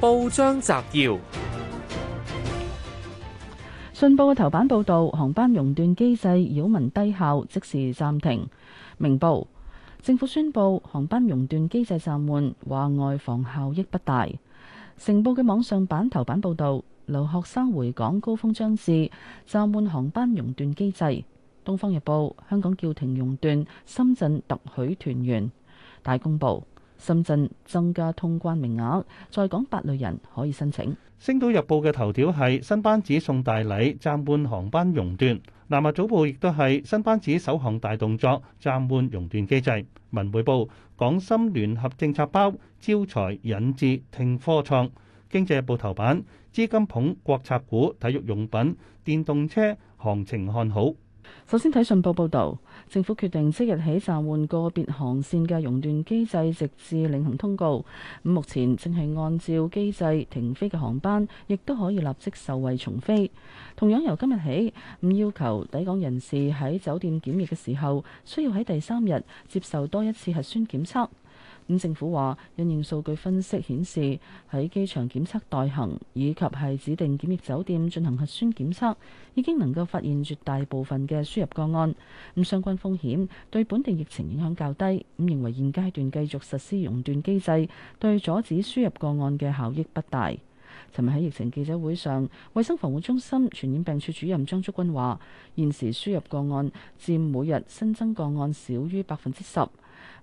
報章摘要：信報嘅頭版報道，航班熔斷機制擾民低效，即時暫停。明報：政府宣佈，航班熔斷機制暫緩，話外防效益不大。成報嘅網上版頭版報道，留學生回港高峰將至，暫緩航班熔斷機制。東方日報：香港叫停熔斷，深圳特許團圓。大公報。深圳增加通關名額，在港八類人可以申請。星島日報嘅頭條係新班子送大禮，暫緩航班熔斷。南華早報亦都係新班子首項大動作，暫緩熔斷機制。文匯報港深聯合政策包招才引智挺科創。經濟日報頭版資金捧國策股，體育用品、電動車行情看好。首先睇信報報導，政府決定即日起暫緩個別航線嘅熔斷機制，直至另行通告。目前正係按照機制停飛嘅航班，亦都可以立即受惠重飛。同樣由今日起，咁要求抵港人士喺酒店檢疫嘅時候，需要喺第三日接受多一次核酸檢測。咁政府話因應數據分析顯示，喺機場檢測待行以及係指定檢疫酒店進行核酸檢測已經能夠發現絕大部分嘅輸入個案。咁相關風險對本地疫情影響較低。咁認為現階段繼續實施熔斷機制，對阻止輸入個案嘅效益不大。尋日喺疫情記者會上，衛生防護中心傳染病處主任張竹君話現時輸入個案佔每日新增個案少於百分之十。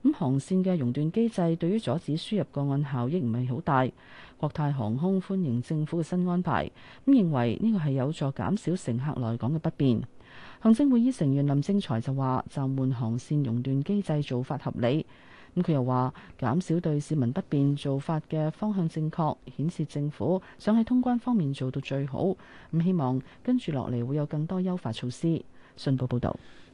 咁航線嘅熔斷機制對於阻止輸入個案效益唔係好大。國泰航空歡迎政府嘅新安排，咁認為呢個係有助減少乘客來港嘅不便。行政會議成員林正財就話暫緩航線熔斷機制做法合理。咁佢又話減少對市民不便做法嘅方向正確，顯示政府想喺通關方面做到最好。咁希望跟住落嚟會有更多優化措施。信報報道。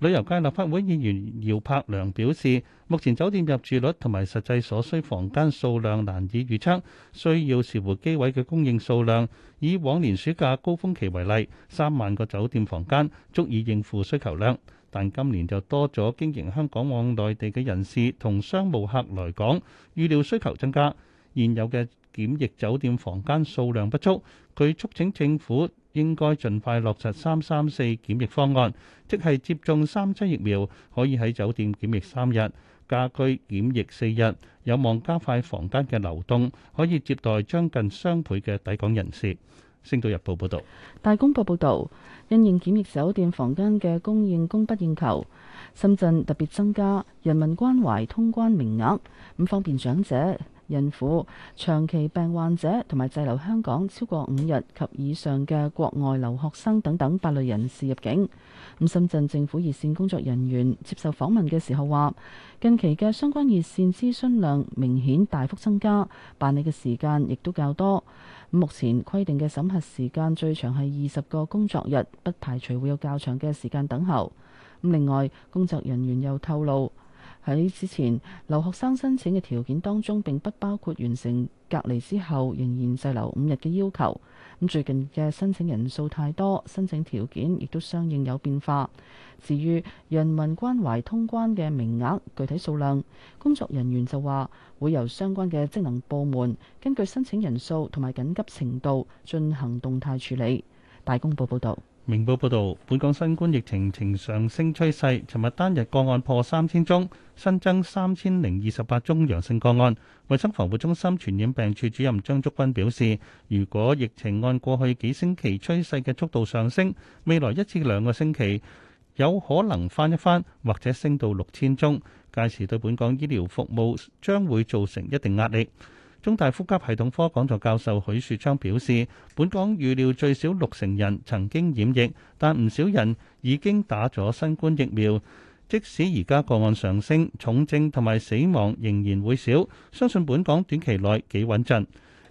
旅遊界立法會議員姚柏良表示，目前酒店入住率同埋實際所需房間數量難以預測，需要視乎機位嘅供應數量。以往年暑假高峰期為例，三萬個酒店房間足以應付需求量，但今年就多咗經營香港往內地嘅人士同商務客來港，預料需求增加，現有嘅檢疫酒店房間數量不足，佢促請政府，應該盡快落實三三四檢疫方案，即係接種三劑疫苗可以喺酒店檢疫三日，家居檢疫四日，有望加快房間嘅流動，可以接待將近雙倍嘅抵港人士。星島日報報道，大公報報道，因應檢疫酒店房間嘅供應供不應求，深圳特別增加人民關懷通關名額，唔方便長者。孕婦、長期病患者同埋滯留香港超過五日及以上嘅國外留學生等等八類人士入境。咁深圳政府熱線工作人員接受訪問嘅時候話，近期嘅相關熱線諮詢量明顯大幅增加，辦理嘅時間亦都較多。目前規定嘅審核時間最長係二十個工作日，不排除會有較長嘅時間等候。另外，工作人員又透露。喺之前留學生申請嘅條件當中，並不包括完成隔離之後仍然滯留五日嘅要求。咁最近嘅申請人數太多，申請條件亦都相應有變化。至於人民關懷通關嘅名額，具體數量，工作人員就話會由相關嘅職能部門根據申請人數同埋緊急程度進行動態處理。大公報報道。明報報導，本港新冠疫情呈上升趨勢，尋日單日個案破三千宗，新增三千零二十八宗陽性個案。衞生防護中心傳染病處主任張竹君表示，如果疫情按過去幾星期趨勢嘅速度上升，未來一至兩個星期有可能翻一翻，或者升到六千宗，屆時對本港醫療服務將會造成一定壓力。中大呼吸系統科講座教授許樹昌表示，本港預料最少六成人曾經染疫，但唔少人已經打咗新冠疫苗。即使而家個案上升，重症同埋死亡仍然會少，相信本港短期內幾穩陣。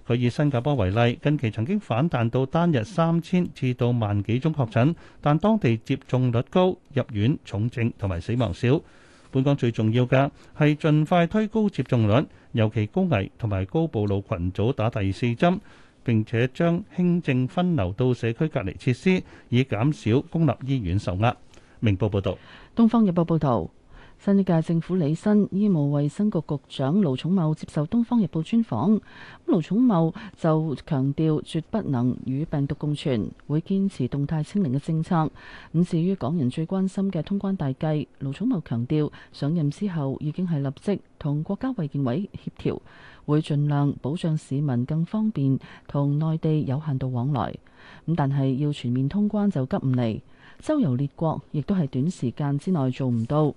佢以新加坡為例，近期曾經反彈到單日三千至到萬幾宗確診，但當地接種率高，入院重症同埋死亡少。本港最重要嘅係盡快推高接種率，尤其高危同埋高暴露群組打第四針，並且將輕症分流到社區隔離設施，以減少公立醫院受壓。明報報導，東方日報報導。新一屆政府履新，醫務衛生局局長盧寵茂接受《東方日報》專訪，盧寵茂就強調絕不能與病毒共存，會堅持動態清零嘅政策。咁至於港人最關心嘅通關大計，盧寵茂強調上任之後已經係立即同國家衛健委協調，會盡量保障市民更方便同內地有限度往來。咁但係要全面通關就急唔嚟，周遊列國亦都係短時間之內做唔到。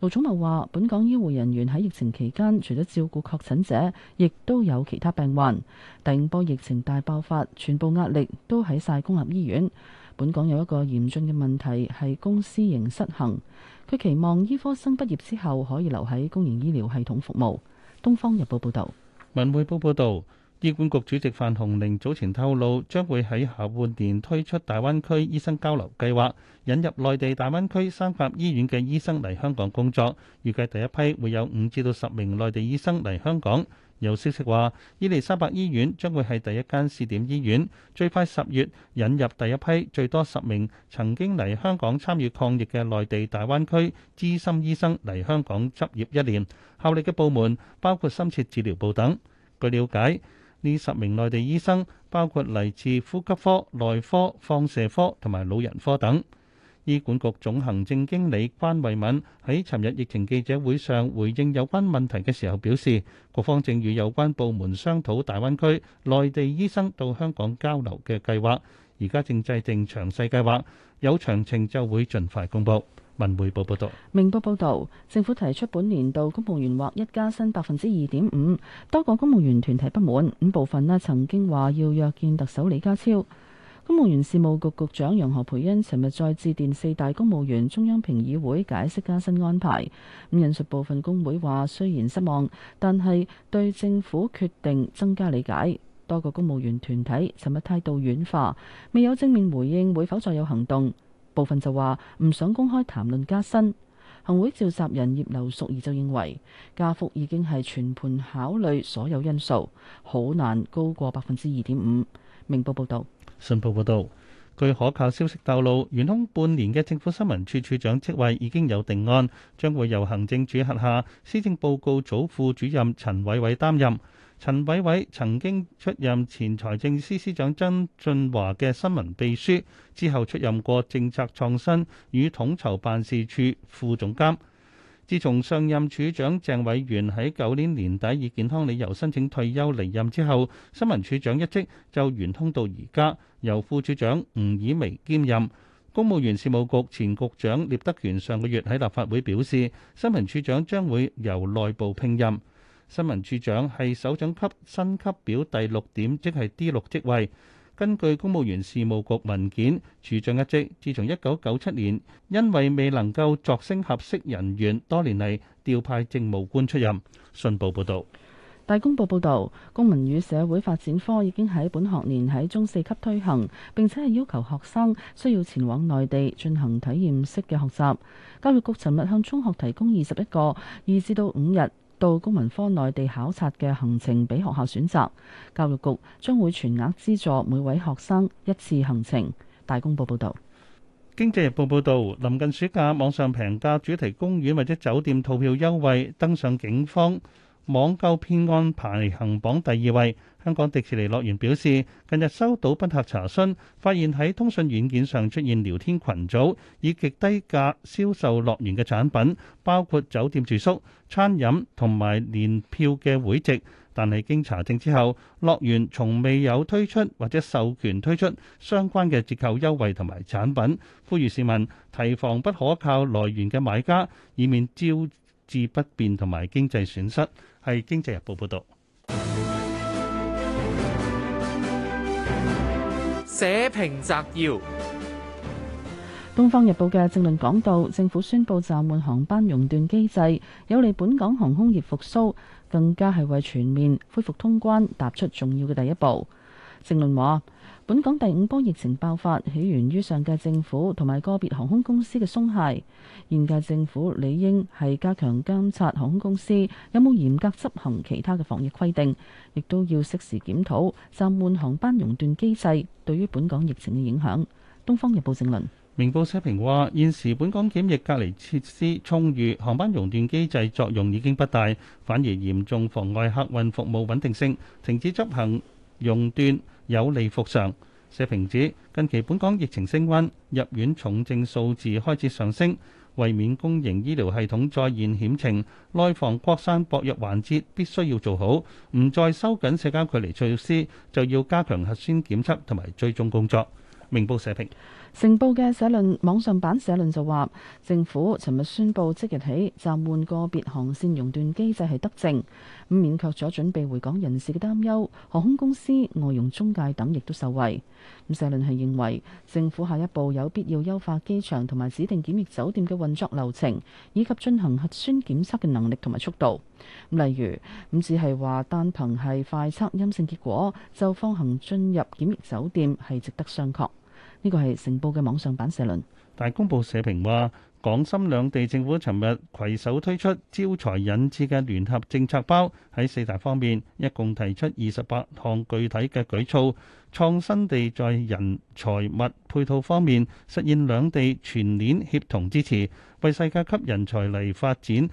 盧寵茂話：本港醫護人員喺疫情期間，除咗照顧確診者，亦都有其他病患。第五波疫情大爆發，全部壓力都喺晒公立醫院。本港有一個嚴峻嘅問題係公私營失衡。佢期望醫科生畢業之後可以留喺公營醫療系統服務。東方日報報道，文匯報報道。醫管局主席范鴻齡早前透露，將會喺下半年推出大灣區醫生交流計劃，引入內地大灣區三甲醫院嘅醫生嚟香港工作。預計第一批會有五至到十名內地醫生嚟香港。有消息話，伊利沙伯醫院將會係第一間試點醫院，最快十月引入第一批最多十名曾經嚟香港參與抗疫嘅內地大灣區資深醫生嚟香港執業一年。效力嘅部門包括深切治療部等。據了解。呢十名內地醫生包括嚟自呼吸科、內科、放射科同埋老人科等。醫管局總行政經理關慧敏喺尋日疫情記者會上回應有關問題嘅時候表示，局方正與有關部門商討大灣區內地醫生到香港交流嘅計劃，而家正制定詳細計劃，有詳情就會盡快公佈。文匯報報道，明報報道，政府提出本年度公務員或一加薪百分之二點五，多個公務員團體不滿，咁部分呢曾經話要約見特首李家超。公務員事務局局,局長楊何蓓茵尋日再致電四大公務員中央評議會，解釋加薪安排。咁引述部分工會話，雖然失望，但係對政府決定增加理解。多個公務員團體尋日態度軟化，未有正面回應，會否再有行動？部分就話唔想公開談論加薪。行會召集人葉劉淑儀就認為，加幅已經係全盤考慮所有因素，好難高過百分之二點五。明報報導，信報報導，據可靠消息透露，元通半年嘅政府新聞處處長職位已經有定案，將會由行政主轄下施政報告組副主任陳偉偉擔任。陳偉偉曾經出任前財政司司長曾俊華嘅新聞秘書，之後出任過政策創新與統籌辦事處副總監。自從上任處長鄭偉源喺舊年年底以健康理由申請退休離任之後，新聞處長一職就懸空到而家，由副處長吳以薇兼任。公務員事務局前局長聶德權上個月喺立法會表示，新聞處長將會由內部聘任。新聞處長係首長級薪級表第六點，即係 D 六職位。根據公務員事務局文件，處長一職自從一九九七年因為未能夠擢升合適人員，多年嚟調派政務官出任。信報報導，大公報報導，公民與社會發展科已經喺本學年喺中四級推行，並且係要求學生需要前往內地進行體驗式嘅學習。教育局尋日向中學提供二十一個二至到五日到公民科內地考察嘅行程，俾學校選擇。教育局將會全額資助每位學生一次行程。大公報報道：《經濟日報》報道，臨近暑假，網上平價主題公園或者酒店套票優惠登上警方。網購騙案排行榜第二位，香港迪士尼樂園表示，近日收到賓客查詢，發現喺通訊軟件上出現聊天群組，以極低價銷售樂園嘅產品，包括酒店住宿、餐飲同埋年票嘅會籍。但係經查證之後，樂園從未有推出或者授權推出相關嘅折扣優惠同埋產品。呼籲市民提防不可靠來源嘅買家，以免招致不便同埋經濟損失，係經濟日報報道。社評摘要，《東方日報》嘅政論講到，政府宣布暫緩航班熔斷機制，有利本港航空業復甦，更加係為全面恢復通關踏出重要嘅第一步。政論話。本港第五波疫情爆發起源於上屆政府同埋個別航空公司嘅鬆懈。現屆政府理應係加強監察航空公司有冇嚴格執行其他嘅防疫規定，亦都要適時檢討暫緩航班熔斷機制對於本港疫情嘅影響。東方日報正論，《明報》社評話現時本港檢疫隔離設施充裕，航班熔斷機制作用已經不大，反而嚴重妨礙客運服務穩定性。停止執行熔斷。有利復常社評指，近期本港疫情升溫，入院重症數字開始上升，為免公營醫療系統再現險情，內防國山薄弱環節必須要做好，唔再收緊社交距離措施，就要加強核酸檢測同埋追蹤工作。明報社評。成報嘅社論網上版社論就話，政府尋日宣布即日起暫緩個別航線熔斷機制係德政，咁免卻咗準備回港人士嘅擔憂，航空公司、外傭中介等亦都受惠。咁社論係認為政府下一步有必要優化機場同埋指定檢疫酒店嘅運作流程，以及進行核酸檢測嘅能力同埋速度。例如，咁只係話單憑係快測陰性結果就放行進入檢疫酒店係值得商榷。呢個係《成報》嘅網上版社論。大公報社評話，港深兩地政府尋日攜手推出招才引智嘅聯合政策包，喺四大方面一共提出二十八項具體嘅舉措，創新地在人財物配套方面實現兩地全年協同支持，為世界級人才嚟發展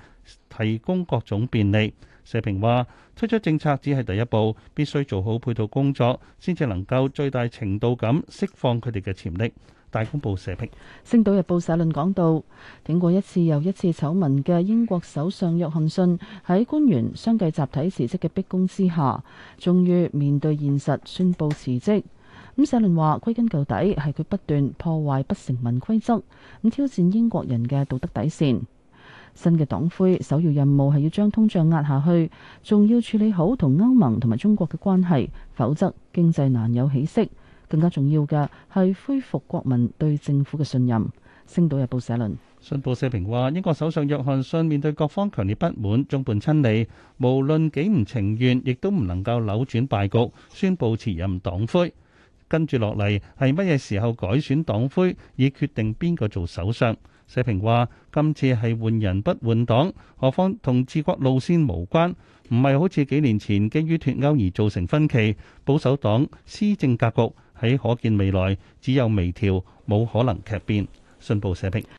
提供各種便利。社評話，推出政策只係第一步，必須做好配套工作，先至能夠最大程度咁釋放佢哋嘅潛力。大公報社評。《星島日報》社論講到，挺過一次又一次醜聞嘅英國首相約翰遜喺官員相繼集體辭職嘅逼宮之下，終於面對現實宣布辭職。咁社論話，歸根究底係佢不斷破壞不成文規則，咁挑戰英國人嘅道德底線。新嘅黨魁首要任務係要將通脹壓下去，仲要處理好同歐盟同埋中國嘅關係，否則經濟難有起色。更加重要嘅係恢復國民對政府嘅信任。星島日報社論。信報社評話英國首相約翰遜面對各方強烈不滿，眾叛親離，無論幾唔情願，亦都唔能夠扭轉敗局，宣布辭任黨魁。跟住落嚟係乜嘢時候改選黨魁，以決定邊個做首相？社評話：今次係換人不換黨，何況同治國路線無關，唔係好似幾年前基於脱歐而造成分歧。保守黨施政格局喺可見未來只有微調，冇可能劇變。信報社評。